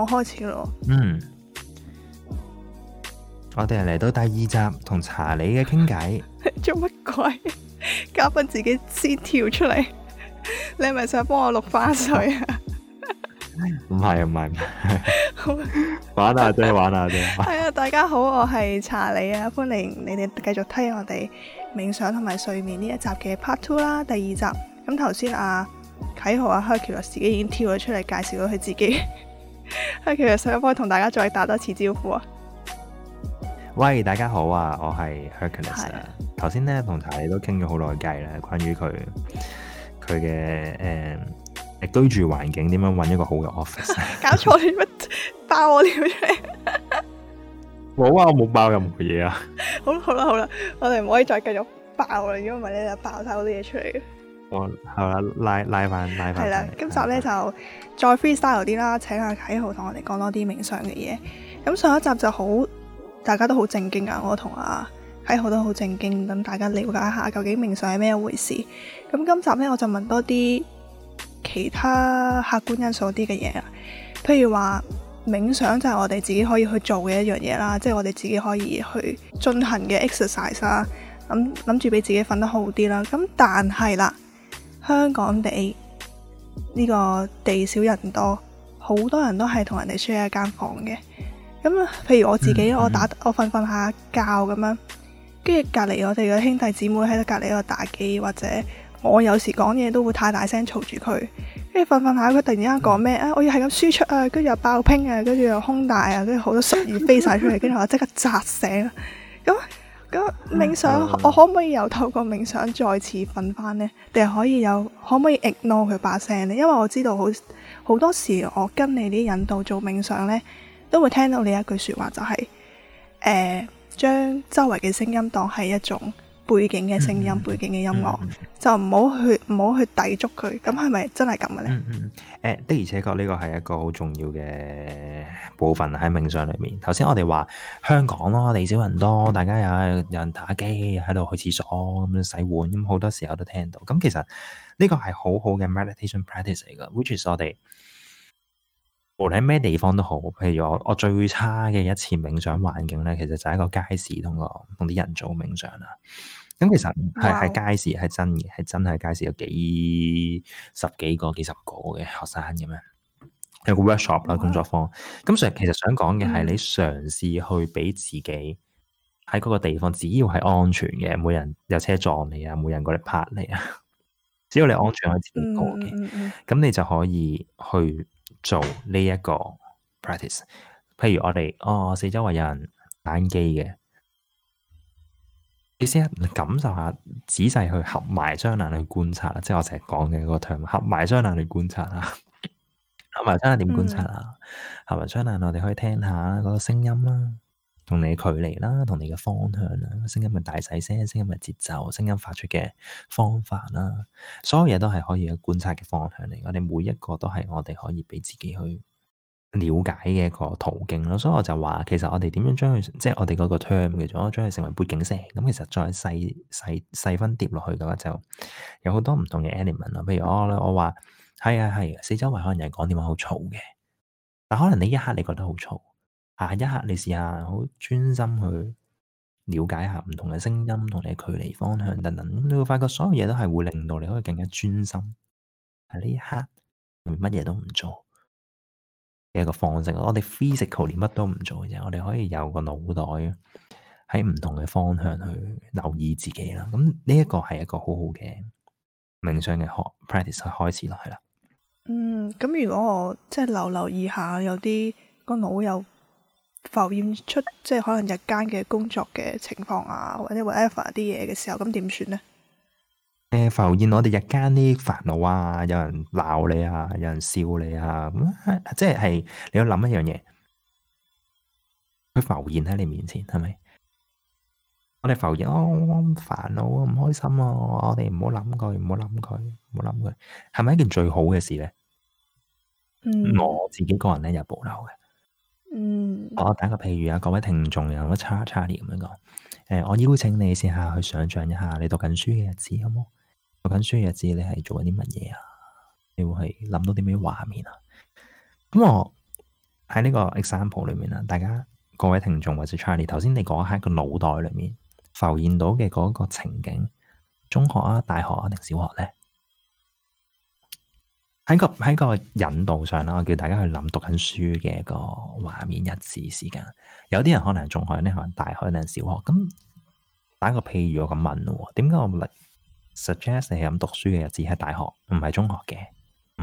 我開始咯，嗯，我哋嚟到第二集同查理嘅傾偈。做乜鬼？嘉賓自己先跳出嚟，你係咪想幫我錄翻水啊？唔係唔係，玩下啫玩下啫，係啊！大家好，我係查理啊，歡迎你哋繼續睇我哋冥想同埋睡眠呢一集嘅 Part Two 啦，第二集。咁頭先阿棨豪啊，Hercules 啊，自己已經跳咗出嚟介紹咗佢自己。係，其實想幫同大家再打多次招呼啊！喂，大家好啊，我係 Hercules。頭先咧同茶都傾咗好耐偈啦，關於佢佢嘅誒，居住環境點樣搵一個好嘅 office？啊、 搞錯，你乜爆我啲咩？我 啊，我冇爆任何嘢啊！ 好，好啦，好啦，我哋唔可以再繼續爆啦，如果唔係咧就爆晒嗰啲嘢出嚟。我係啦，拉拉翻，拉翻。係啦，今集咧班就再 freestyle 啲啦，請阿棨豪同我哋講多啲冥想嘅嘢。咁上一集就好，大家都好正經啊。我同阿棨豪都好正經，等大家了解下究竟冥想係咩一回事。咁今集咧，我就問多啲其他客觀因素啲嘅嘢。譬如話，冥想就係我哋自己可以去做嘅一樣嘢啦，即係我哋自己可以去進行嘅 exercise、啊嗯、啦，諗諗住俾自己瞓得好啲啦。咁但係啦，香港地呢個地少人多，好多人都係同人哋 share 一間房嘅。咁啊，譬如我自己，嗯、我打我瞓瞓下覺咁樣，跟住隔籬我哋嘅兄弟姊妹喺度隔籬度打機，或者我有時講嘢都會太大聲嘈住佢。跟住瞓瞓下，佢突然之間講咩啊？我要係咁輸出啊！跟住又爆拼啊！跟住又空大啊！跟住好多術語飛晒出嚟，跟住 我即刻紮醒。冥想，嗯、我可唔可以又透過冥想再次瞓翻咧？定係可以有可唔可以 ignore 佢把聲咧？因為我知道好好多時我跟你啲引導做冥想咧，都會聽到你一句說話就係、是、誒，將、呃、周圍嘅聲音當係一種。背景嘅聲音，背景嘅音樂，音就唔好去，唔好去抵觸佢。咁係咪真係咁嘅咧？誒 的而且確呢個係一個好重要嘅部分喺冥想裏面。頭先我哋話香港咯，地少人多，大家又有人打機，喺度去廁所咁樣洗碗，咁好多時候都聽到。咁其實呢個係好好嘅 meditation practice 嚟嘅，which is 我哋。無論喺咩地方都好，譬如我我最差嘅一次冥想環境咧，其實就係一個街市，同個同啲人做冥想啦。咁其實係係街市係真嘅，係真係街市有幾十幾個幾十個嘅學生咁樣，有個 workshop 啦，工作坊。咁其實其實想講嘅係你嘗試去俾自己喺嗰個地方，嗯、只要係安全嘅，冇人有車撞你啊，冇人過嚟拍你啊，只要你安全可自己過嘅，咁、嗯、你就可以去。做呢一個 practice，譬如我哋哦，四周圍有人打機嘅，你試下感受下，仔細去合埋雙眼去觀察啦，即係我成日講嘅嗰個，合埋雙眼去觀察啦。合埋雙眼點觀察啊？合埋雙眼，嗯、我哋可以聽下嗰個聲音啦。同你距離啦，同你嘅方向啦，聲音咪大細聲，聲音咪節奏，聲音發出嘅方法啦，所有嘢都係可以去觀察嘅方向嚟。我哋每一個都係我哋可以俾自己去了解嘅一個途徑咯。所以我就話，其實我哋點樣將佢，即係我哋嗰個 term 嘅，仲可將佢成為背景聲。咁其實再細細細分疊落去嘅話，就有好多唔同嘅 element 咯。譬如我咧，我話係啊係啊，啊，四周圍可能有人講電話好嘈嘅，但可能你一刻你覺得好嘈。下一刻，你試下好專心去了解下唔同嘅聲音同你距離、方向等等，你會發覺所有嘢都係會令到你可以更加專心喺呢一刻，連乜嘢都唔做嘅一個方式。我哋 physical 連乜都唔做嘅啫，我哋可以有個腦袋喺唔同嘅方向去留意自己啦。咁呢一個係一個好好嘅冥想嘅學 practice 開始啦，係啦。嗯，咁、嗯嗯、如果我即係、就是、留留意下，有啲個腦有，浮現出即係可能日間嘅工作嘅情況啊，或者 whatever 啲嘢嘅時候，咁點算咧？誒，浮現我哋日間啲煩惱啊，有人鬧你啊，有人笑你啊，咁即係你要諗一樣嘢，佢浮現喺你面前係咪？我哋浮現哦，我咁煩惱啊，唔開心啊，我哋唔好諗佢，唔好諗佢，唔好諗佢，係咪一件最好嘅事咧？嗯，我自己個人咧有保留嘅。嗯，我打個譬如啊，各位聽眾，有乜查查理咁樣講，誒、欸，我邀請你試下去想象一下你讀緊書嘅日子，好冇？讀緊書嘅日子，你係做緊啲乜嘢啊？你會係諗到啲咩畫面啊？咁我喺呢個 example 裏面啊，大家各位聽眾或者查理，頭先你講喺個腦袋裏面浮現到嘅嗰個情景，中學啊、大學啊定小學咧？喺個喺個引導上啦，我叫大家去諗讀緊書嘅一個畫面、日子、時間。有啲人可能仲，中學咧，可能大學定小學。咁打個譬如，我咁問咯，點解我唔嚟 suggest 你係咁讀書嘅日子係大學，唔係中學嘅，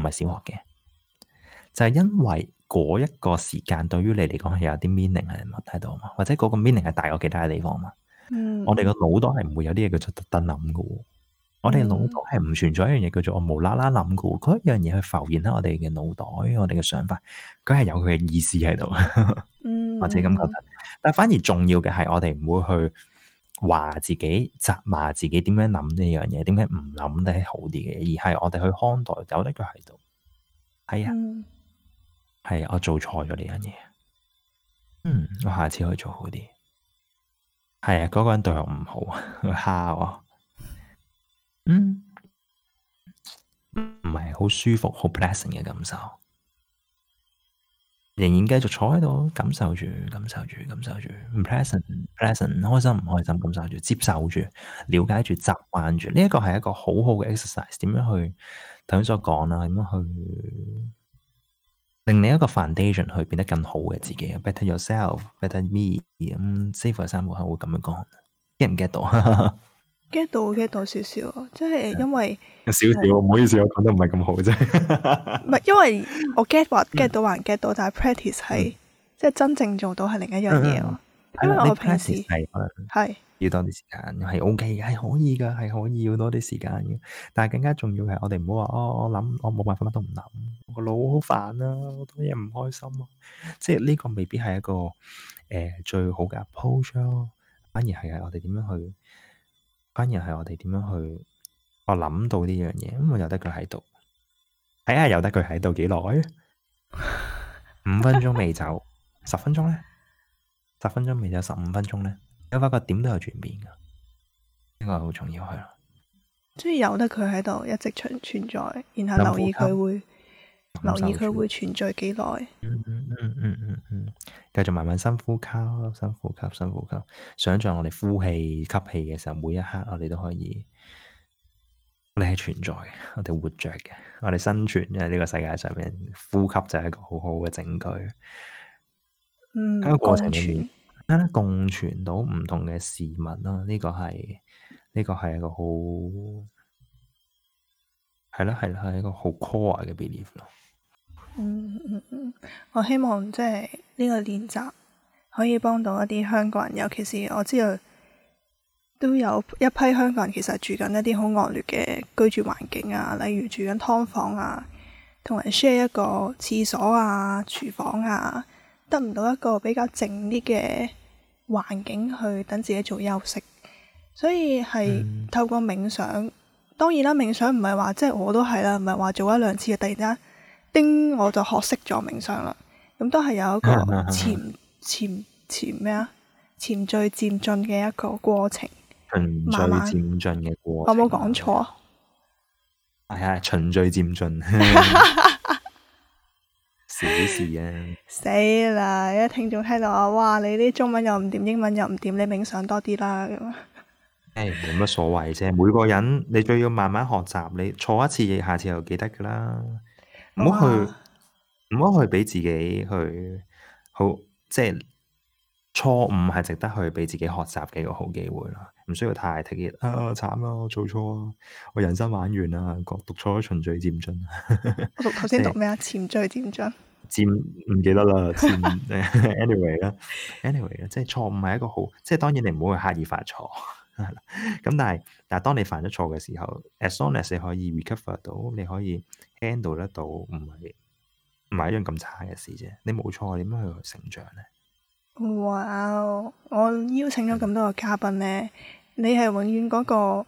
唔係小學嘅？就係因為嗰一個時間對於你嚟講，係有啲 meaning 喺度嘛，或者嗰個 meaning 係大過其他嘅地方嘛。嗯、我哋個腦都係唔會有啲嘢叫做特登諗嘅。我哋腦袋係唔存在一樣嘢叫做我無啦啦諗嘅，嗰一樣嘢去浮現喺我哋嘅腦袋，我哋嘅想法，佢係有佢嘅意思喺度，或者咁覺得。但係反而重要嘅係，我哋唔會去話自己責罵自己，點樣諗呢樣嘢，點解唔諗得好啲嘅，而係我哋去看待有呢個喺度。係啊，係啊，嗯啊、我做錯咗呢樣嘢。嗯，我下次可以做好啲。係啊，嗰個人對我唔好，佢蝦我。嗯，唔係好舒服，好 pleasant 嘅感受，仍然繼續坐喺度感受住，感受住，感受住，唔 pleasant，pleasant，ple 開心唔開心，感受住，接受住，了解住，習慣住，呢一個係一個好好嘅 exercise，點樣去頭先所講啦，點樣去令你一個 foundation 去變得更好嘅自己，better yourself，better me，咁師傅嘅生活會咁樣講，get 唔 get 到？ get 到 get 到少少咯，即係因為有少少，唔好意思，我講得唔係咁好啫。唔係，因為我 get 或 get 到還 get 到，但係 practice 係即係真正做到係另一樣嘢咯。因為我平時係可能係要多啲時間，係 OK 嘅，係可以嘅，係可以要多啲時間嘅。但係更加重要係我哋唔好話哦我諗我冇辦法乜都唔諗，我個腦好煩啊，好多嘢唔開心啊。即係呢個未必係一個誒最好嘅 approach 咯，反而係我哋點樣去。關鍵係我哋點樣去我、哎， 我諗到呢樣嘢，咁我由得佢喺度，睇下由得佢喺度幾耐，五分鐘未走，十分鐘咧，十分鐘未走，十五分鐘咧，咁發覺點都有轉變噶，呢、這個好重要係咯。所以由得佢喺度一直存存在，然後留意佢會。留意佢會存在幾耐？嗯？嗯嗯嗯嗯嗯嗯，繼、嗯嗯嗯嗯、續慢慢深呼吸，深呼吸，深呼吸。想象我哋呼氣、吸氣嘅時候，每一刻我哋都可以，你係存在嘅，我哋活着嘅，我哋生存喺呢個世界上面，呼吸就係一個好好嘅證據。嗯，喺個過程裏面，共存，共存到唔同嘅事物咯，呢、這個係呢、這個係一個好係啦係啦係一個好 core 嘅 belief 咯。嗯嗯嗯，我希望即係呢個練習可以幫到一啲香港人，尤其是我知道都有一批香港人其實住緊一啲好惡劣嘅居住環境啊，例如住緊劏房啊，同人 share 一個廁所啊、廚房啊，得唔到一個比較靜啲嘅環境去等自己做休息，所以係透過冥想。當然啦，冥想唔係話即係我都係啦，唔係話做一兩次啊，突然間。丁我就學識咗冥想啦，咁都係有一個漸漸漸咩啊？循序 漸進嘅一個過程。循序漸進嘅過程，有冇講錯？係啊、哎，循序漸進。小事啊。死啦！一啲聽眾聽到話，哇！你啲中文又唔掂，英文又唔掂，你冥想多啲啦咁。誒 冇乜所謂啫。每個人你都要慢慢學習，你錯一次，下次又記得噶啦。唔好去，唔好去俾自己去，好，即係錯誤係值得去俾自己學習嘅一個好機會啦。唔需要太激烈啊！慘咯，做錯啊，我人生玩完啦，讀錯咗循序漸進。 我讀頭先讀咩啊？潛序漸進，漸唔記得啦，漸。 Anyway 啦，Anyway 啦，即係錯誤係一個好，即係當然你唔好去刻意犯錯。係咁 但係，但係當你犯咗錯嘅時候 ，as long as 你可以 recover 到，你可以 handle 得到，唔係唔係一樣咁差嘅事啫。你冇錯，點樣去成長呢？哇！Wow, 我邀請咗咁多個嘉賓呢，你係永遠嗰個，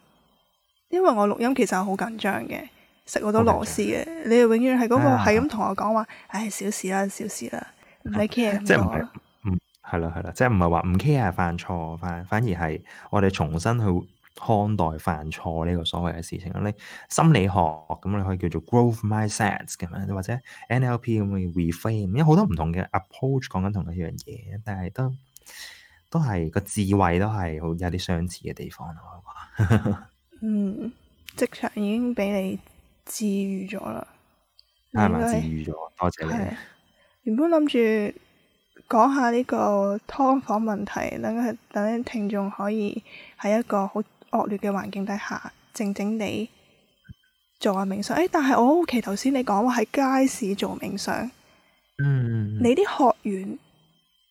因為我錄音其實好緊張嘅，食好多螺絲嘅，Okay. 你又永遠係嗰個係咁同我講話，唉，小事啦，小事啦，唔使 care 我。係啦，係啦，即係唔係話唔 care 係犯錯，反反而係我哋重新去看待犯錯呢個所謂嘅事情。你心理學咁，你可以叫做 growth mindset 咁樣，或者 NLP 咁嘅 reframe，因為好多唔同嘅 approach 講緊同一樣嘢，但係都都係個智慧都係有啲相似嘅地方咯。我 嗯，職場已經俾你治愈咗啦，係咪吧？該治愈咗，多謝你。原本諗住。講下呢個劏房問題，等佢等啲聽眾可以喺一個好惡劣嘅環境底下靜靜地做下冥想。誒、哎，但係我好奇頭先你講話喺街市做冥想，嗯，你啲學員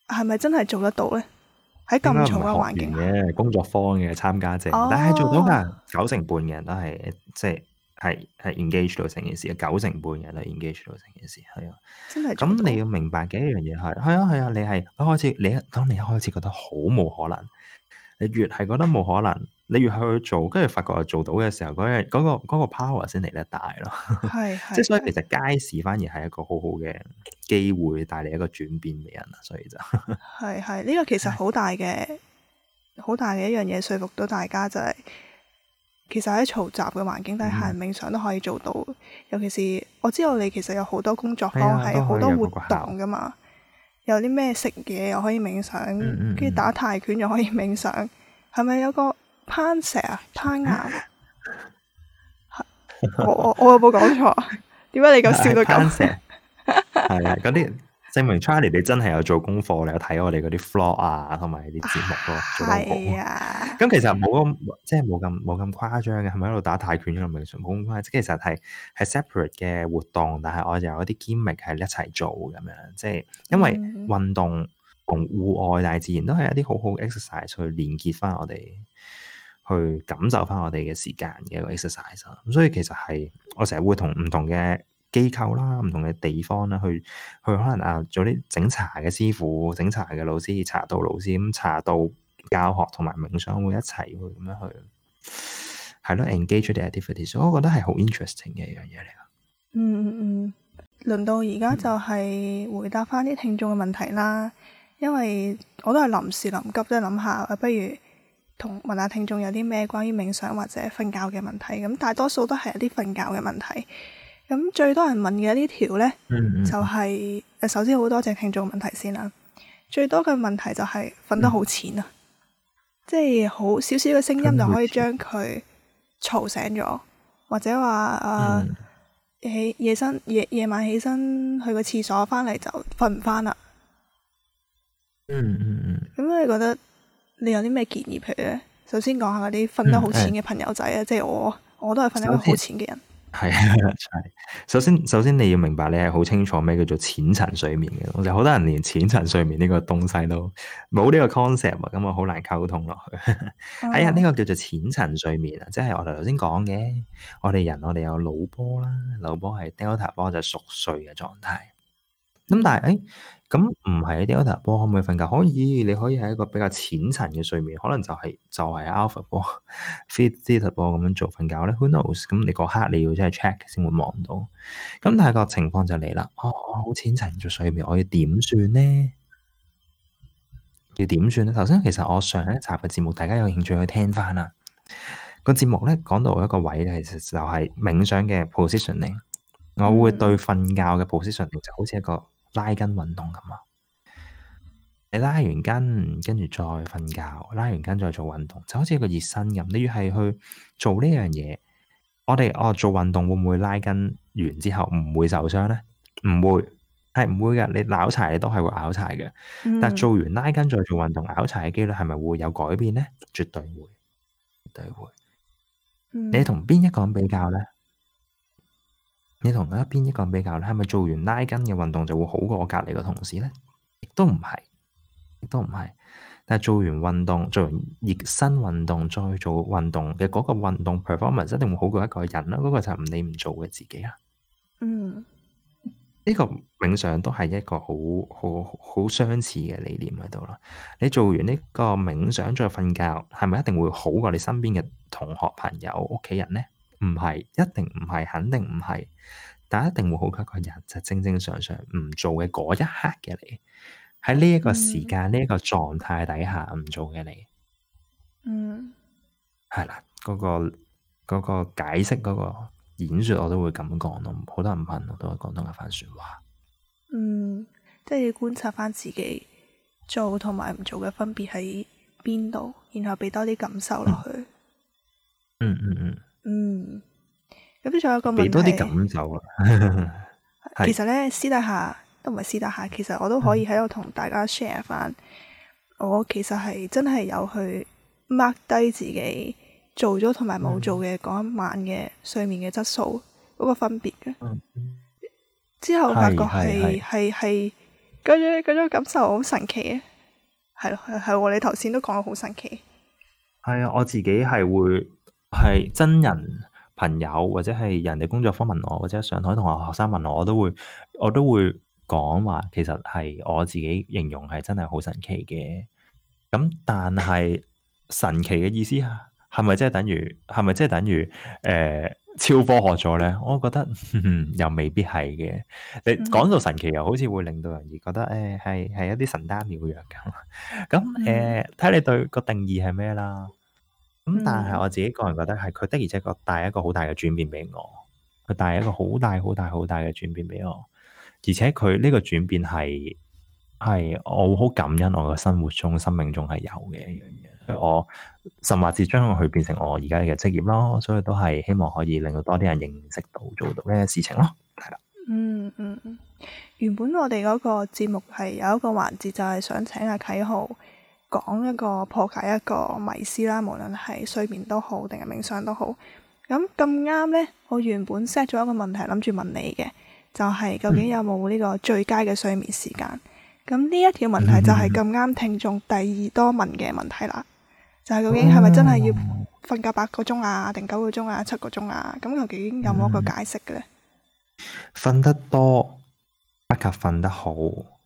係咪真係做得到咧？喺咁重嘅環境嘅工作坊嘅參加者，但係做到嘅九成半嘅人都係即係。係係 engage 到成件事，九成半嘅都 engage 到成件事，係啊。真係咁你要明白嘅一樣嘢係，係啊係啊，你係開始，你當你一開始覺得好冇可能，你越係覺得冇可能，你越去做，跟住發覺做到嘅時候，嗰日嗰個嗰個 power 先嚟得大咯。係 係，即係所以其實街市反而係一個好好嘅機會，帶嚟一個轉變嘅人啦，所以就係係呢個其實好大嘅，好的大嘅一樣嘢說服到大家就係、是。其實喺嘈雜嘅環境底下、嗯、冥想都可以做到，尤其是我知道你其實有好多工作坊係好多活動噶嘛，有啲咩食嘢又可以冥想，跟住、嗯嗯、打泰拳又可以冥想，係咪有個攀石啊攀岩？ 我我我有冇講錯，點 解你咁笑到咁 攀岩？係啊，啲。證明 Charlie 你真係有做功課，你有睇我哋嗰啲 floor 啊，同埋啲節目咯、啊，做功課。咁、哎、呀其實冇咁，即係冇咁冇咁誇張嘅，係咪喺度打泰拳咁樣上功啊？即其實係係 separate 嘅活動，但係我又有一啲 g a m 係一齊做咁樣。即係因為運動同戶外大、嗯、自然都係一啲好好 exercise 去連結翻我哋，去感受翻我哋嘅時間嘅 exercise。咁所以其實係我成日會同唔同嘅機構啦，唔同嘅地方啦，去去可能啊，做啲整茶嘅師傅、整茶嘅老師、茶道老師咁，茶道教學同埋冥想會一齊去咁樣去，係咯，engage 啲 activities，所以我覺得係好 interesting 嘅一樣嘢嚟。嗯嗯嗯，輪到而家就係回答翻啲聽眾嘅問題啦，嗯、因為我都係臨時臨急即係諗下，不如同問下聽眾有啲咩關於冥想或者瞓覺嘅問題咁，大多數都係一啲瞓覺嘅問題。咁最多人問嘅呢條咧，嗯、就係、是、首先好多謝聽眾問題先啦。最多嘅問題就係瞓得好淺啊，嗯、即係好少少嘅聲音就可以將佢嘈醒咗，嗯、或者話誒、啊嗯、夜深夜夜晚起身去個廁所翻嚟，就瞓唔翻啦。咁、嗯嗯、你覺得你有啲咩建議？譬如咧，首先講下嗰啲瞓得好淺嘅朋友仔啊，即係、嗯嗯、我我都係瞓得好淺嘅人。係啊， 首先首先你要明白你係好清楚咩叫做淺層睡眠嘅，我哋好多人連淺層睡眠呢個東西都冇呢個 concept，咁我好難溝通落去。係 啊、哎，呢、呢個叫做淺層睡眠啊，即係我哋頭先講嘅，我哋人我哋有腦波啦，腦波係 delta 波就是、熟睡嘅狀態。咁但係誒。哎咁唔係啊，delta 波可唔可以瞓覺？可以，你可以係一個比較淺層嘅睡眠，可能就係、是、就係、是、alpha 波、theta 波咁樣做瞓覺咧。Who knows？咁你嗰刻你要真係 check 先會望到。咁但係個情況就嚟啦，我、哦、好淺層嘅睡眠，我要點算咧？要點算咧？頭先其實我上一集嘅節目，大家有興趣去聽翻啦。個節目咧講到一個位，其實就係冥想嘅 positioning。我會對瞓覺嘅 positioning 就好似一個。拉筋運動咁啊！你拉完筋，跟住再瞓覺，拉完筋再做運動，就好似一個熱身咁。你越係去做呢樣嘢，我哋哦做運動會唔會拉筋完之後唔會受傷咧？唔會，係唔會嘅。你拗柴你都係會拗柴嘅。但係做完拉筋再做運動，拗柴嘅幾率係咪會有改變咧？絕對會，絕對會。你同邊一個人比較咧？你同佢一邊一個人比較咧，係咪做完拉筋嘅運動就會好過我隔籬嘅同事呢？亦都唔係，亦都唔係。但係做完運動，做完熱身運動再做運動嘅嗰個運動 performance 一定會好過一個人啦。嗰、嗰個就係你唔做嘅自己啦。嗯，呢個冥想都係一個好好好相似嘅理念喺度啦。你做完呢個冥想再瞓覺，係咪一定會好過你身邊嘅同學朋友屋企人呢？唔係，一定唔係，肯定唔係。但係一定會好過個人就正正常常唔做嘅嗰一刻嘅你，喺呢一個時間呢一個狀態底下唔做嘅你，嗯，係啦，嗰個嗰個解釋嗰個演說，我都會咁講咯，好多人問我都講咗一番說話。嗯，即係你觀察翻自己做同埋唔做嘅分別喺邊度，然後俾多啲感受落去。嗯嗯嗯。嗯。嗯嗯嗯有仲俾多啲感受啊！ 其實咧，私底下都唔係私底下，其實我都可以喺度同大家 share 翻，嗯、我其實係真係有去 mark 低自己做咗同埋冇做嘅嗰一晚嘅睡眠嘅質素嗰、嗯、個分別嘅。嗯、之後發覺係係係嗰種感受好神奇嘅，係咯，係係你頭先都講得好神奇。係啊，我自己係會係真人。朋友或者係人哋工作坊問我，或者上海同學學生問我，我都會我都會講話，其實係我自己形容係真係好神奇嘅。咁但係神奇嘅意思係咪即係等於係咪即係等於誒、呃、超科學咗咧？我覺得、嗯、又未必係嘅。你講到神奇又好似會令到人哋覺得誒係係一啲神丹妙藥咁。咁誒睇你對個定義係咩啦？咁但係我自己個人覺得係佢的而且確帶一個好大嘅轉變俾我，佢帶一個好大、好大、好大嘅轉變俾我，而且佢呢個轉變係，係我好感恩我嘅生活中、生命中係有嘅一樣嘢，我甚或至將佢變成我而家嘅職業咯，所以都係希望可以令到多啲人認識到做到呢個事情咯，係啦、嗯。嗯嗯，原本我哋嗰個節目係有一個環節就係想請阿棨豪。講一個破解一個迷思啦，無論係睡眠都好，定係冥想都好。咁咁啱呢，我原本 set 咗一個問題諗住問你嘅，就係、是、究竟有冇呢個最佳嘅睡眠時間？咁呢、嗯、一條問題就係咁啱聽眾第二多問嘅問題啦，嗯、就係究竟係咪真係要瞓覺八個鐘啊，定九個鐘啊，七個鐘啊？咁究竟有冇一個解釋嘅呢？瞓、嗯、得多不及瞓得好。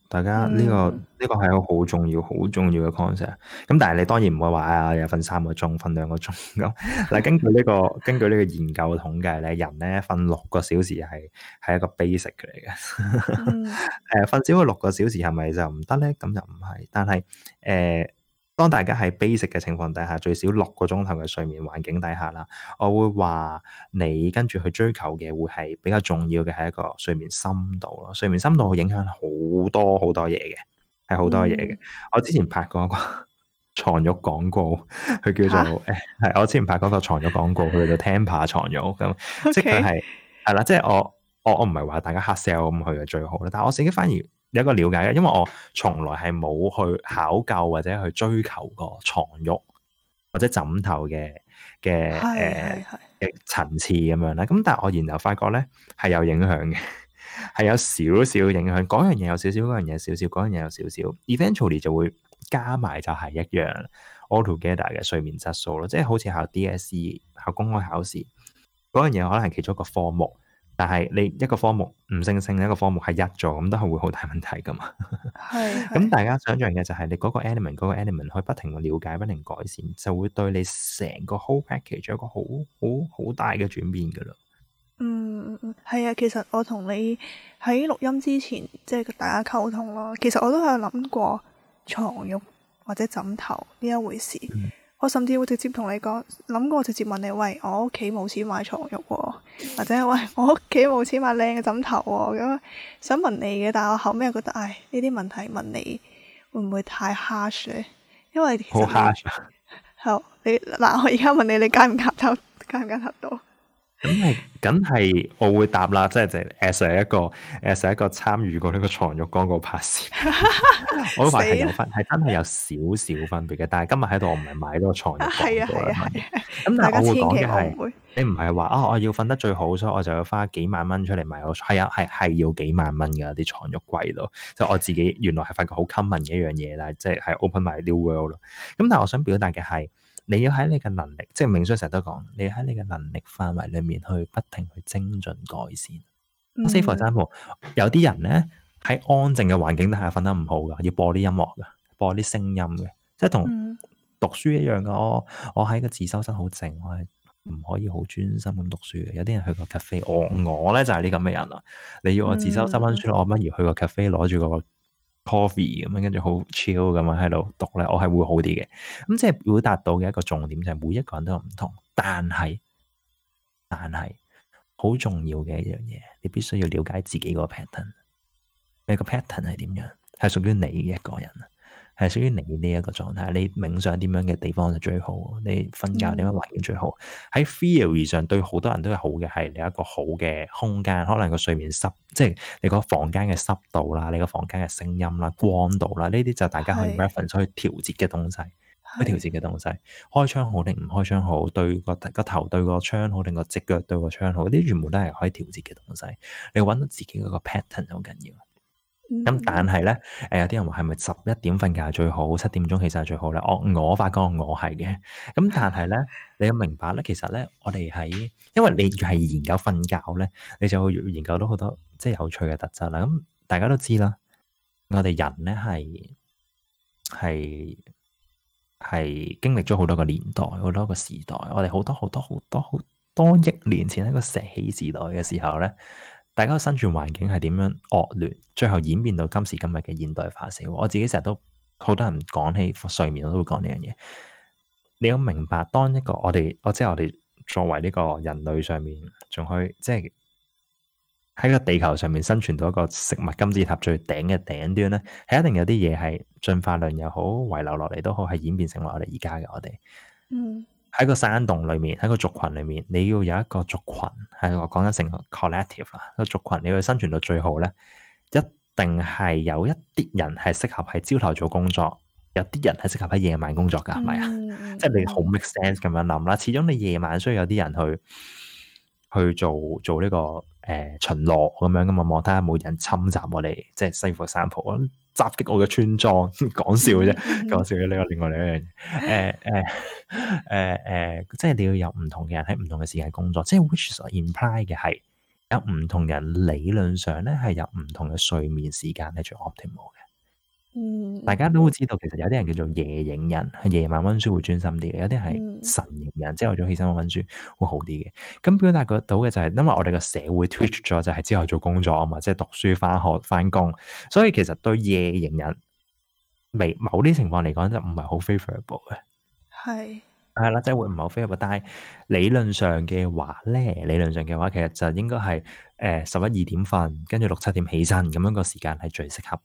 大家呢、這個呢、這個係一個好重要、好重要嘅 concept。咁但係你當然唔會話啊，又、哎、瞓三個鐘、瞓兩個鐘咁。嗱，根據呢、這個 根據呢個研究統計咧，人咧瞓六個小時，係係一個 basic 嚟嘅。誒瞓少過六個小時係咪就唔得咧？咁就唔係。但係誒。呃當大家係 basic 嘅情況底下，最少六個鐘頭嘅睡眠環境底下啦，我會話你跟住去追求嘅會係比較重要嘅係一個睡眠深度咯。睡眠深度會影響好多好多嘢嘅，係好多嘢嘅。我之前拍過一個牀褥廣告，佢叫做誒，係我之前拍嗰個牀褥廣告，佢叫做 Temper 牀褥咁，即係係係啦，即係我我我唔係話大家黑 sell 咁去嘅最好啦，但我自己反而，有一個了解嘅，因為我從來係冇去考究或者去追求過牀褥或者枕頭嘅嘅誒層次咁樣啦。咁但係我然後發覺咧係有影響嘅，係 有少少影響。嗰樣嘢有少少，嗰樣嘢少少，嗰樣嘢有少少。少少 Eventually 就會加埋就係一樣 altogether 嘅睡眠質素咯，即係好似考 DSE 考公開考試嗰樣嘢，可能係其中一個科目。但係你一個科目唔性性一個科目係一咗，咁都係會好大問題噶嘛。係。咁大家想象嘅就係你嗰個 element 嗰個 element 可以不停嘅了解，不停改善，就會對你成個 whole package 有一個好好好大嘅轉變噶咯。嗯嗯嗯，係啊，其實我同你喺錄音之前即係大家溝通囉，其實我都係諗過床褥或者枕頭呢一回事。嗯我甚至會直接同你講，諗過我直接問你，喂，我屋企冇錢買床褥，哦，或者喂我屋企冇錢買靚嘅枕頭，哦，咁、嗯、想問你嘅，但係我後尾又覺得，唉，呢啲問題問你會唔會太 harsh？因為 h 好 harsh，好你嗱，我而家問你，你夾唔夾得，夾唔夾得到？較咁係，梗係我會答啦，即係即係，As 係一個，As 係一個參與過呢個床褥廣告拍攝， 我都話係有分，係真係有少少分別嘅。但係今日喺度，我唔係買呢個床褥廣告。係啊，咁但係我會講嘅係，回回你唔係話啊，我要瞓得最好，所以我就要花幾萬蚊出嚟買我係啊係係要幾萬蚊噶啲床褥櫃咯。就我自己原來係發覺好 common 嘅一樣嘢啦，即係係 open 埋 new world 咯。咁但係我想表達嘅係。你要喺你嘅能力，即係明叔成日都講，你要喺你嘅能力範圍裏面去不停去精進改善。我試過三步，有啲人咧喺安靜嘅環境底下瞓得唔好噶，要播啲音樂噶，播啲聲音嘅，即係同讀書一樣噶。我喺個自修室好靜，我係唔可以好專心咁讀書嘅。有啲人去個咖啡，哦、我我咧就係呢咁嘅人啦。你要我自修室溫書，我不如去個咖啡攞住，嗰個 coffee 咁樣跟住好 chill 咁樣喺度讀咧，我係會好啲嘅。咁即係會達到嘅一個重點就係每一個人都唔同，但係但係好重要嘅一樣嘢，你必須要了解自己個 pattern，你個 pattern 係點樣，係屬於你嘅一個人。係屬於你呢一個狀態，你冥想點樣嘅地方就最好，你瞓覺點樣環境最好。喺 feel、嗯、上對好多人都係好嘅，係你一個好嘅空間。可能個睡眠濕，即係你個房間嘅濕度啦，你個房間嘅聲音啦、光度啦，呢啲就大家可以 reference 可以調節嘅東西，是可以調節嘅東西。開窗好定唔開窗好，對個個頭對個窗好定個隻腳對個窗好，呢啲全部都係可以調節嘅東西。你揾到自己嗰個 pattern 好緊要。咁、嗯、但係咧，誒，有啲人話係咪十一點瞓覺係最好，七點鐘其實係最好咧？我我發覺我係嘅。咁但係咧，你要明白咧，其實咧，我哋喺，因為你越係研究瞓覺咧，你就研究到好多即係有趣嘅特質啦。咁、嗯、大家都知啦，我哋人咧係係係經歷咗好多個年代，好多個時代，我哋好多好多好多好多好多億年前喺個石器時代嘅時候咧。大家嘅生存環境係點樣惡劣，最後演變到今時今日嘅現代化社會。我自己成日都好多人講起睡眠，我都會講呢樣嘢。你要明白，當一個我哋，我即係我哋作為呢個人類上面，仲可以即係喺個地球上面生存到一個食物金字塔最頂嘅頂端咧，係一定有啲嘢係進化論又好，遺留落嚟都好，係演變成為我哋而家嘅我哋。嗯。喺個山洞裏面，喺個族群裏面，你要有一個族群，係我講緊成個 collective 啦，個族群你要生存到最好咧，一定係有一啲人係適合喺朝頭做工作，有啲人係適合喺夜晚工作噶，係咪啊？即 係你好 make sense 咁樣諗啦，始終你夜晚需要有啲人去去做做呢、這個。誒、呃、巡邏咁樣噶嘛，望睇下冇人侵襲我哋，即係西褲三袍啊，襲擊我嘅村莊，講笑啫，講笑嘅。呢個另外另一樣嘢，誒誒誒誒，即係你要有唔同嘅人喺唔同嘅時間工作，即係 which is implied 嘅係有唔同人理論上咧係有唔同嘅睡眠時間係最 optimal 嘅。嗯，大家都會知道，其實有啲人叫做夜型人，係夜晚溫書會專心啲嘅，有啲係晨型人，朝早起身溫書會好啲嘅。咁表達到嘅就係，因為我哋個社會 twist 咗，就係朝早做工作啊嘛，嗯、即係讀書、翻學、翻工，所以其實對夜型人未某啲情況嚟講，就唔係好 favorable 嘅。係係啦，即係會唔係好 favorable，但係理論上嘅話咧，理論上嘅話，其實就應該係誒十一二點瞓，跟住六七點起身，咁樣個時間係最適合。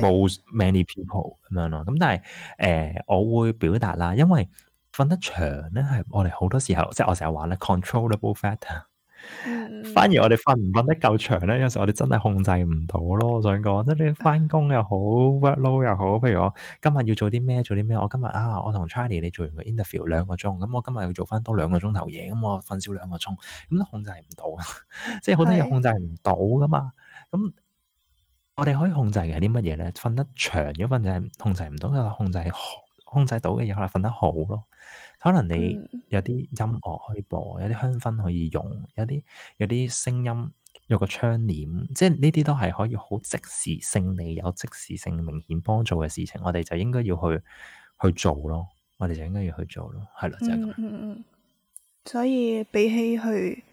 冇 many people 咁樣咯，咁是但係誒、呃，我會表達啦，因為瞓得長咧係我哋好多時候，即係我成日話咧，controllable factor。嗯、反而我哋瞓唔瞓得夠長咧，有時候我哋真係控制唔到咯。我想講，即係你翻工又好，workload 又好，譬如我今日要做啲咩，做啲咩，我今日啊，我同 Charlie 你做完個 interview 兩個鐘，咁、嗯、我今日要做翻多兩個鐘頭嘢，咁、嗯、我瞓少兩個鐘，咁、嗯、都控制唔到。是 即係好多嘢控制唔到噶嘛，咁、嗯。嗯。我哋可以控制嘅係啲乜嘢咧？瞓得長，如果瞓就係控制唔到，嘅，啊控制控制到嘅嘢可能瞓得好咯。可能你有啲音樂可以播，嗯、有啲香薰可以用，有啲有啲聲音，有個窗簾，即係呢啲都係可以好即時性、你有即時性明顯幫助嘅事情。我哋就應該要去去做咯。我哋就應該要去做咯，係啦，就係、是、咁。嗯嗯嗯。所以比起去。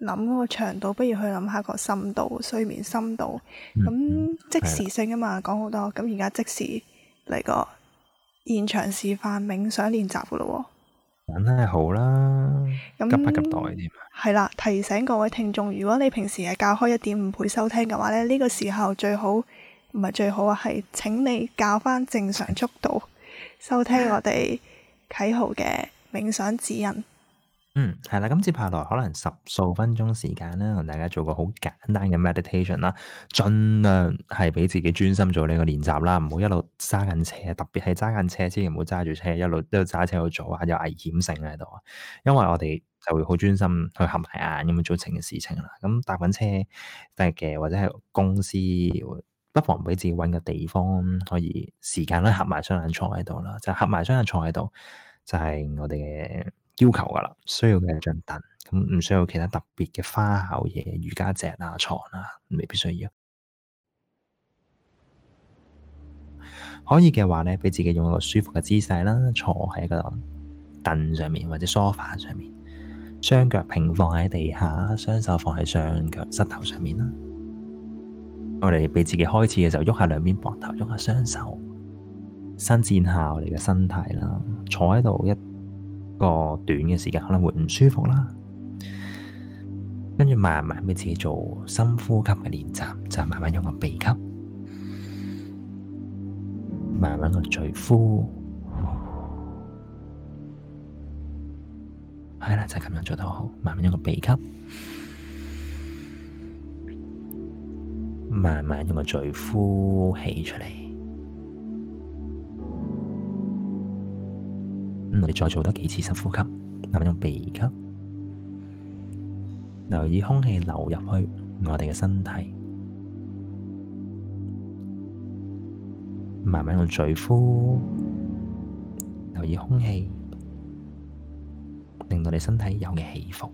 諗嗰個長度，不如去諗下個深度，睡眠深度。咁、嗯、即時性啊嘛，講好的多。咁而家即時嚟個現場示範冥想練習噶咯喎。梗係好啦，急不急待添？係啦，提醒各位聽眾，如果你平時係教開一點五倍收聽嘅話咧，呢、這個時候最好唔係最好啊，係請你教翻正常速度收聽我哋棨豪嘅冥想指引。 嗯，係啦，咁接下嚟可能十數分鐘時間咧，同大家做個好簡單嘅 meditation 啦，盡量係俾自己專心做呢個練習啦，唔好一路揸緊車，特別係揸緊車之前唔好揸住車，一路一路揸車去做啊，有危險性喺度啊。因為我哋就會好專心去合埋眼咁樣做情嘅事情啦。咁搭緊車得嘅，或者係公司不妨俾自己搵個地方可以時間咧，合埋雙眼坐喺度啦，就合埋雙眼坐喺度，就係我哋嘅。要求噶啦，需要嘅係張凳，咁唔需要其他特別嘅花巧嘢，瑜伽石啊、床啊未必需要。可以嘅話呢，俾自己用一個舒服嘅姿勢啦，坐喺個凳上面或者梳化上面，雙腳平放喺地下，雙手放喺雙腳膝頭上面啦。我哋俾自己開始嘅時候，喐下兩邊膊頭，喐下雙手，伸展下我哋嘅身體啦。坐喺度一個短嘅時間可能會唔舒服啦，跟住慢慢俾自己做深呼吸嘅練習，就係慢慢用個鼻吸，慢慢用嘴呼，係啦，就係咁樣做到好，慢慢用個鼻吸，慢慢用個嘴呼氣出嚟。我哋再做多幾次深呼吸，慢慢用鼻吸，留意空氣流入去我哋嘅身體，慢慢用嘴呼，留意空氣令到你身體有嘅起伏。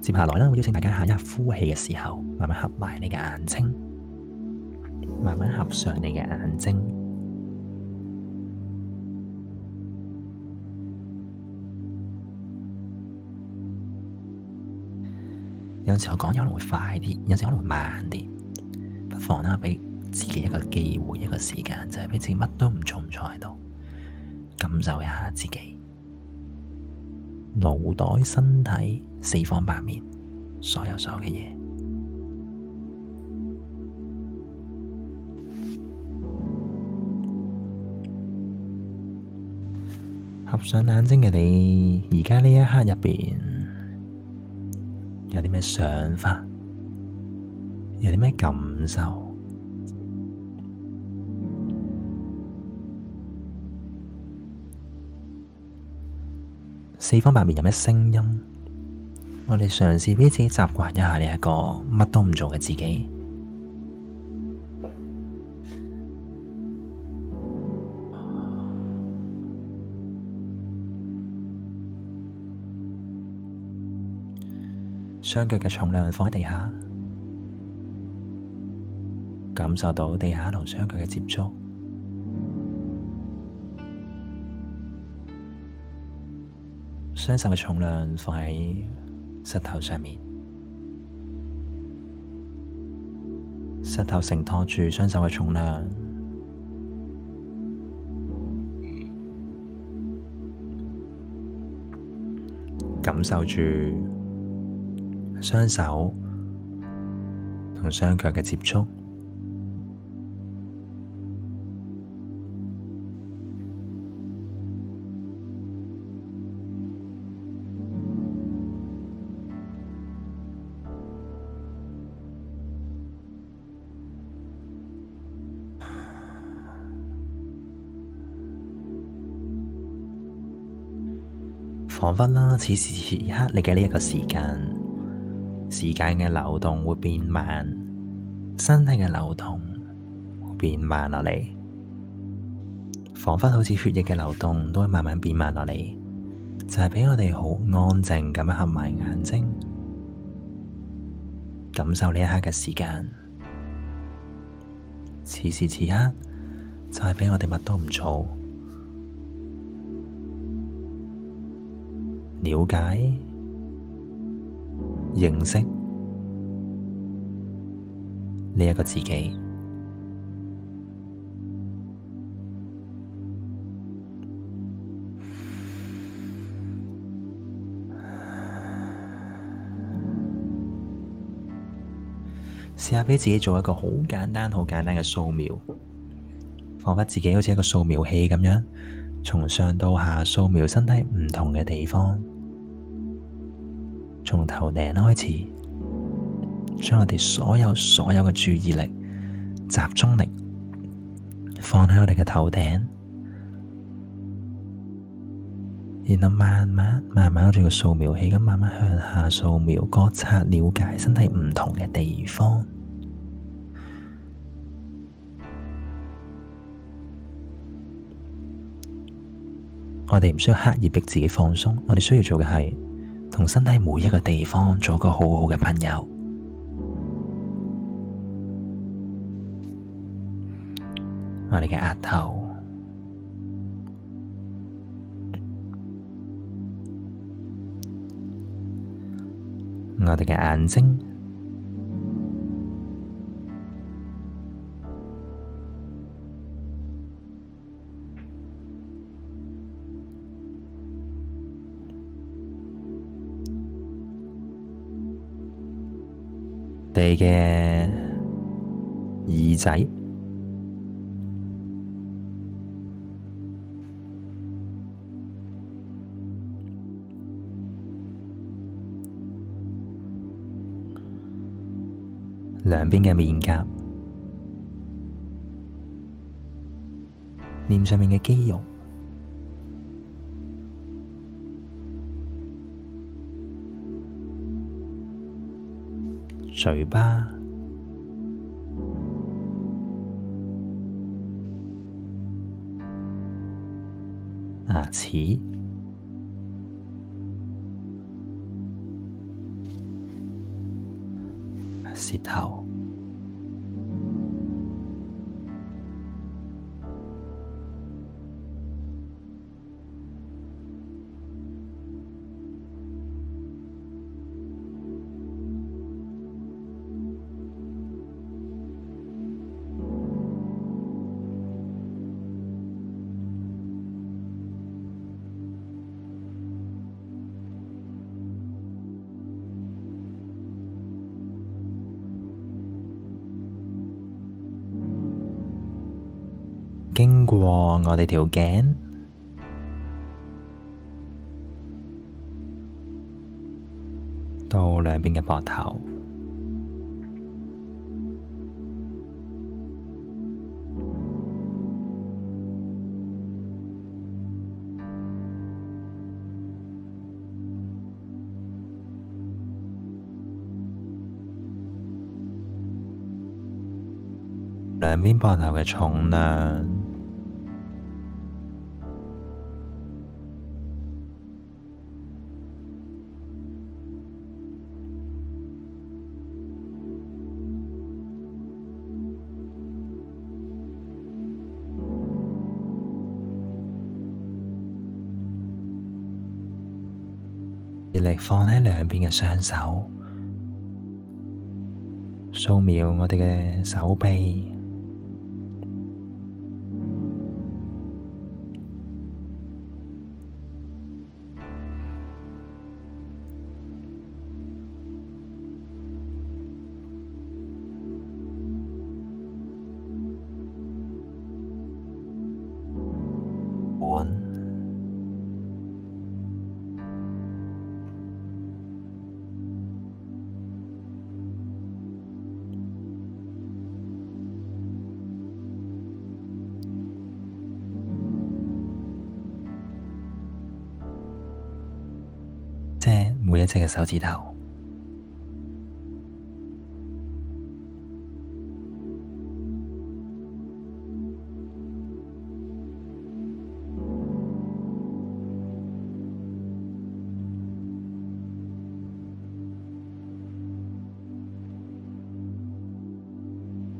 接下來呢，我邀請大家下一呼氣嘅時候，慢慢合埋你嘅眼睛。慢慢合上你嘅眼睛， 有陣時我講有可能會快啲，有陣可能會慢啲，不妨呢畀自己一個機會，一個時間，就係俾自己乜都唔做唔坐喺度，感受一下自己腦袋、身體、四方八面，所有所有嘅嘢。閉上眼睛嘅你，而家呢一刻入邊有啲咩想法？有啲咩感受？四方八面有咩聲音？我哋嘗試俾自己習慣一下，你一個乜都唔做嘅自己。雙腳嘅重量放喺地下，感受到地下同雙腳嘅接觸；雙手嘅重量放喺膝頭上面，膝頭承托住雙手嘅重量，感受住。雙手同雙腳嘅接觸，彷彿啦，此時此刻你嘅呢一個時間。時間嘅流動會變慢，身體嘅流動會變慢落嚟，仿佛好似血液嘅流動都會慢慢變慢落嚟，就係畀我哋好安靜咁樣合埋眼睛，感受呢一刻嘅時間。此時此刻就係畀我哋乜都唔做，了解。認識呢一個自己，試下俾自己做一個好簡單、好簡單嘅掃描，仿佛自己好似一個掃描器咁樣，從上到下掃描身體唔同嘅地方。從頭頂開始，將我哋所有所有嘅注意力、集中力放喺我哋嘅頭頂，然後慢慢、慢慢好似個掃描器咁，慢慢向下掃描、覺察、了解身體唔同嘅地方。我哋唔需要刻意逼自己放鬆，我哋需要做嘅係。同身體每一個地方做一個好好嘅朋友，我哋嘅額頭，我哋嘅眼睛。你嘅耳仔，兩邊嘅面頰，臉上面嘅肌肉。嘴巴、牙齒、舌頭。我哋條頸到兩邊嘅膊頭，兩邊膊頭嘅重量。放喺兩邊嘅雙手，掃描我哋嘅手臂。即每一隻手指頭，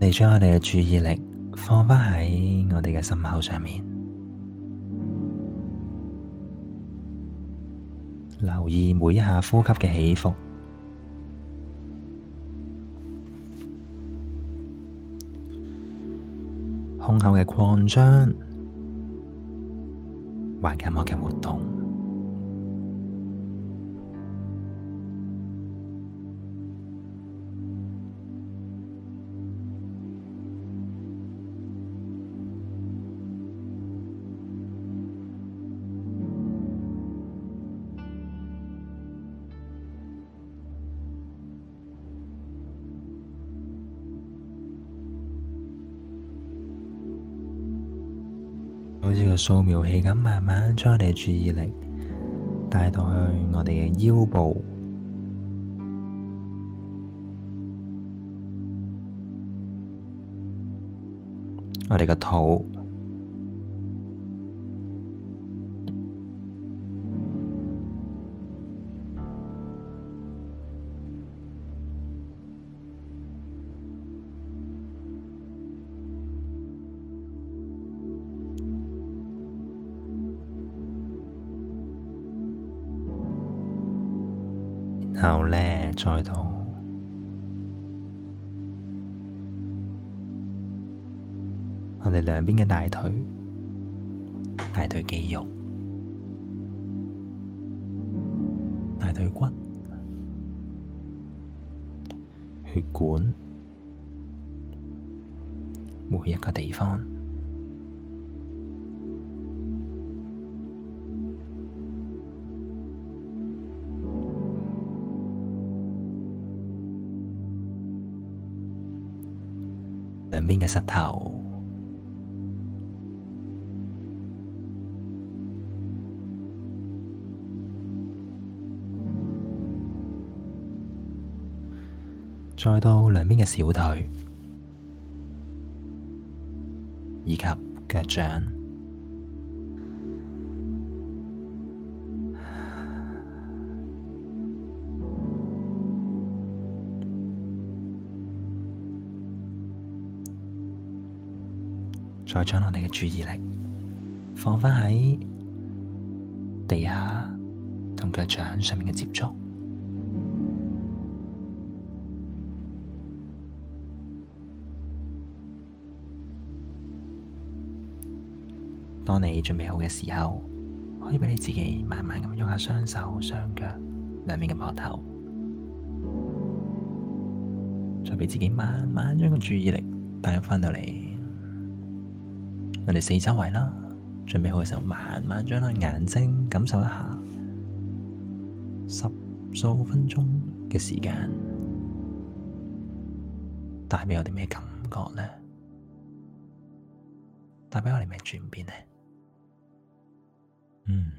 你將我哋嘅注意力放返喺我哋嘅心口上面。留意每一下呼吸嘅起伏，胸口嘅擴張，還有我嘅活動。掃描器咁慢慢將我哋注意力帶到去我哋嘅腰部， 我哋個肚。兩邊嘅大腿、大腿肌肉、大腿骨、血管，每一個地方，兩邊嘅膝頭。再到兩邊嘅小腿，以及腳掌，再將我哋嘅注意力放返喺地下同腳掌上面嘅接觸。當你準備好嘅時候，可以畀你自己慢慢咁喐下雙手、雙腳兩面嘅膊頭，再畀自己慢慢將個注意力帶翻到嚟，我哋四周圍啦。準備好嘅時候，慢慢將個眼睛感受一下，十數分鐘嘅時間，帶畀我哋咩感覺咧？帶畀我哋咩轉變咧？嗯，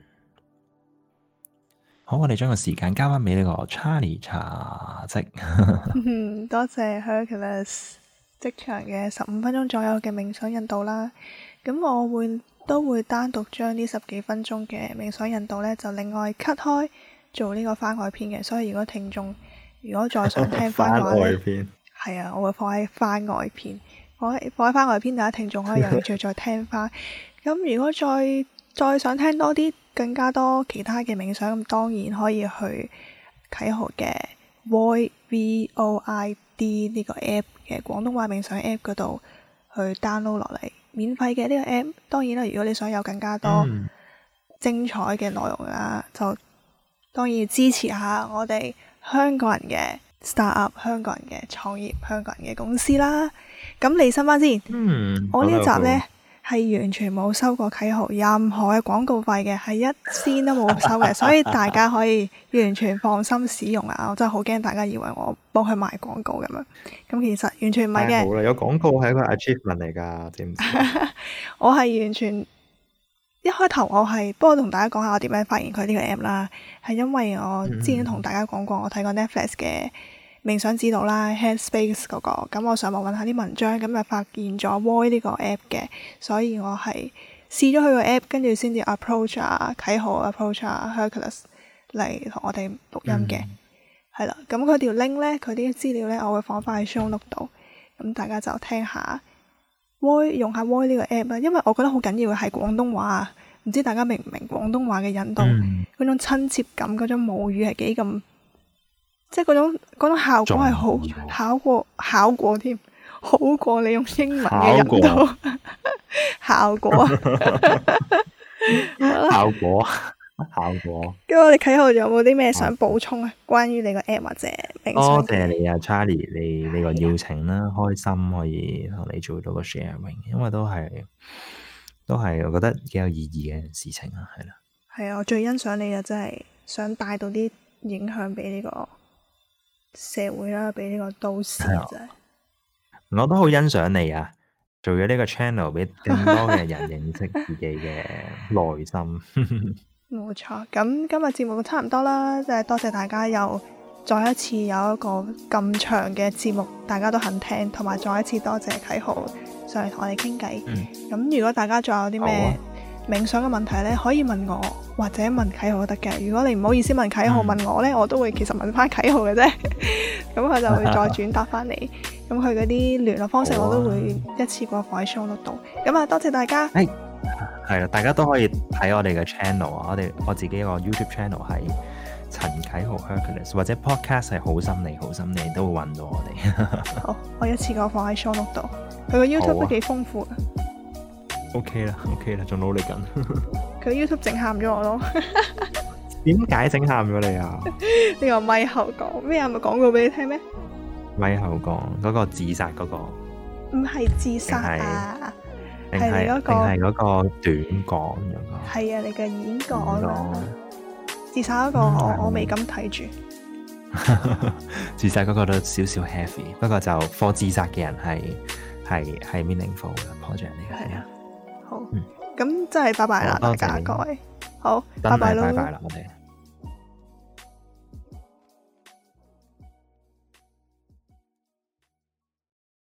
好，我哋將個時間交翻俾呢個 Charlie 茶，多謝 Hercules 即場嘅十五分鐘左右嘅冥想引導啦。咁我會都會單獨將呢十幾分鐘嘅冥想引導呢，就另外 cut 開做呢個番外篇嘅。所以如果聽眾如果再想聽翻嘅咧，係 片啊，我會放喺番外篇，放喺放喺番外篇，大家聽眾可以有興趣再聽翻。咁 如果再再想聽多啲更加多其他嘅冥想，咁當然可以去棨豪嘅 Void 呢個 app 嘅廣東話冥想 app 嗰度去 download 落嚟，免費嘅呢個 app。當然啦，如果你想有更加多精彩嘅內容啦，嗯、就當然支持下我哋香港人嘅 startup、香港人嘅創業、香港人嘅公司啦。咁你新翻先，嗯、我呢一集呢。嗯嗯係完全冇收過棨豪，任何嘅廣告費嘅，係一仙都冇收嘅， 所以大家可以完全放心使用啊！我真係好驚大家以為我幫佢賣廣告咁樣，咁其實完全唔係嘅。好啦、哎，有廣告係一個 achievement 嚟噶，知唔知？ 我係完全一開頭我係，幫我同大家講下我點樣發現佢呢個 app 啦，係因為我之前同大家講過，嗯、我睇過 Netflix 嘅。冥想指導啦，Headspace 嗰、那個，咁我上網揾下啲文章，咁啊發現咗 VOID 呢個 app 嘅，所以我係試咗佢個 app，跟住先至 Approach 啊，棨豪 Approach 啊 Hercules 嚟同我哋錄音嘅，係啦，咁佢條 link 咧，佢啲資料咧，我會放翻去 show note 度，咁大家就聽下 VOID 用下 VOID 呢個 app 啦，因為我覺得好緊要嘅係廣東話啊，唔知大家明唔明廣東話嘅引導，嗰、嗯、種親切感，嗰種母語係幾咁。即係嗰種種效果係好考考，考過考過添，好過你用英文嘅入到效果啊， 效果效果。跟住我哋棨豪有冇啲咩想補充啊？關於你個 app 或者，多謝你啊，Charlie，你的你個邀請啦，開心可以同你做到個 sharing，因為都係都係，我覺得幾有意義嘅事情啊，係啦。係啊，我最欣賞你就真係想帶到啲影響俾呢個。社會啦，俾呢個都市仔，我都好欣賞你啊！做咗呢個 channel，俾更多嘅人認識自己嘅內心。冇 錯， 咁今日節目差唔多啦，即係多謝大家又再一次有一個咁長嘅節目，大家都肯聽，同埋再一次多謝棨豪上嚟同我哋傾偈。咁、嗯、如果大家仲有啲咩？冥想嘅問題咧，可以問我或者問棨豪都得嘅。如果你唔好意思問棨豪、嗯、問我咧，我都會其實問翻棨豪嘅啫。咁 佢就會再轉答翻你。咁佢嗰啲聯絡方式，我都會一次過放喺 show note 度。咁啊，多謝大家。係、哎，係啦，大家都可以睇我哋嘅 channel 啊，我哋我自己個 YouTube channel 係陳棨豪 Hercules，或者 Podcast 係好心理，好心理都會揾到我哋。 好，我一次過放喺 show note 度，佢個 YouTube 都幾、啊、豐富 O K 啦，O K 啦，仲、okay okay、努力緊。佢 YouTube 整喊咗我咯。點解整喊咗你啊？呢個咪後講咩？唔咪講過俾你聽咩？咪後講嗰個自殺嗰個。唔係自殺啊。係你嗰個。係嗰個短講嗰個。係啊，你嘅演講、啊啊、自殺嗰、嗰個，嗯、我未敢睇住。 自殺嗰個都少少 heavy，不過就科自殺嘅人係係係 meaningful 嘅 project 嚟嘅，係啊。咁、嗯、真係拜拜啦，好大家各位，好，拜拜咯。拜拜啦。